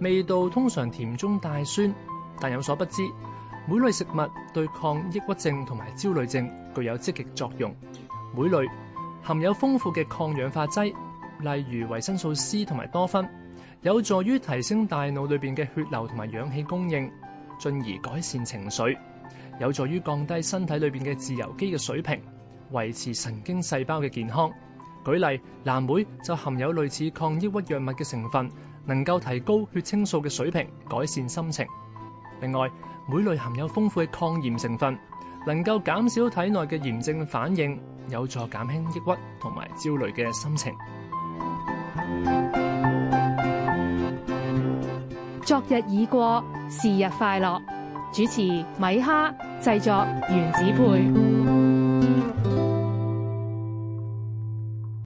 味道通常甜中帶酸，但有所不知，莓類食物對抗抑鬱症同埋焦慮症具有積極作用。莓類含有豐富嘅抗氧化劑，例如維生素 C 同埋多酚，有助於提升大腦裏邊嘅血流同埋氧氣供應，進而改善情緒；有助於降低身體裏邊嘅自由基嘅水平，維持神經細胞嘅健康。舉例藍莓就含有類似抗抑鬱藥物嘅成分。能夠提高血清素嘅水平，改善心情。另外，莓類含有豐富嘅抗炎成分，能夠減少體內嘅炎症反應，有助減輕抑鬱同埋焦慮嘅心情。昨日已過，是日快樂。主持米哈，製作原子配。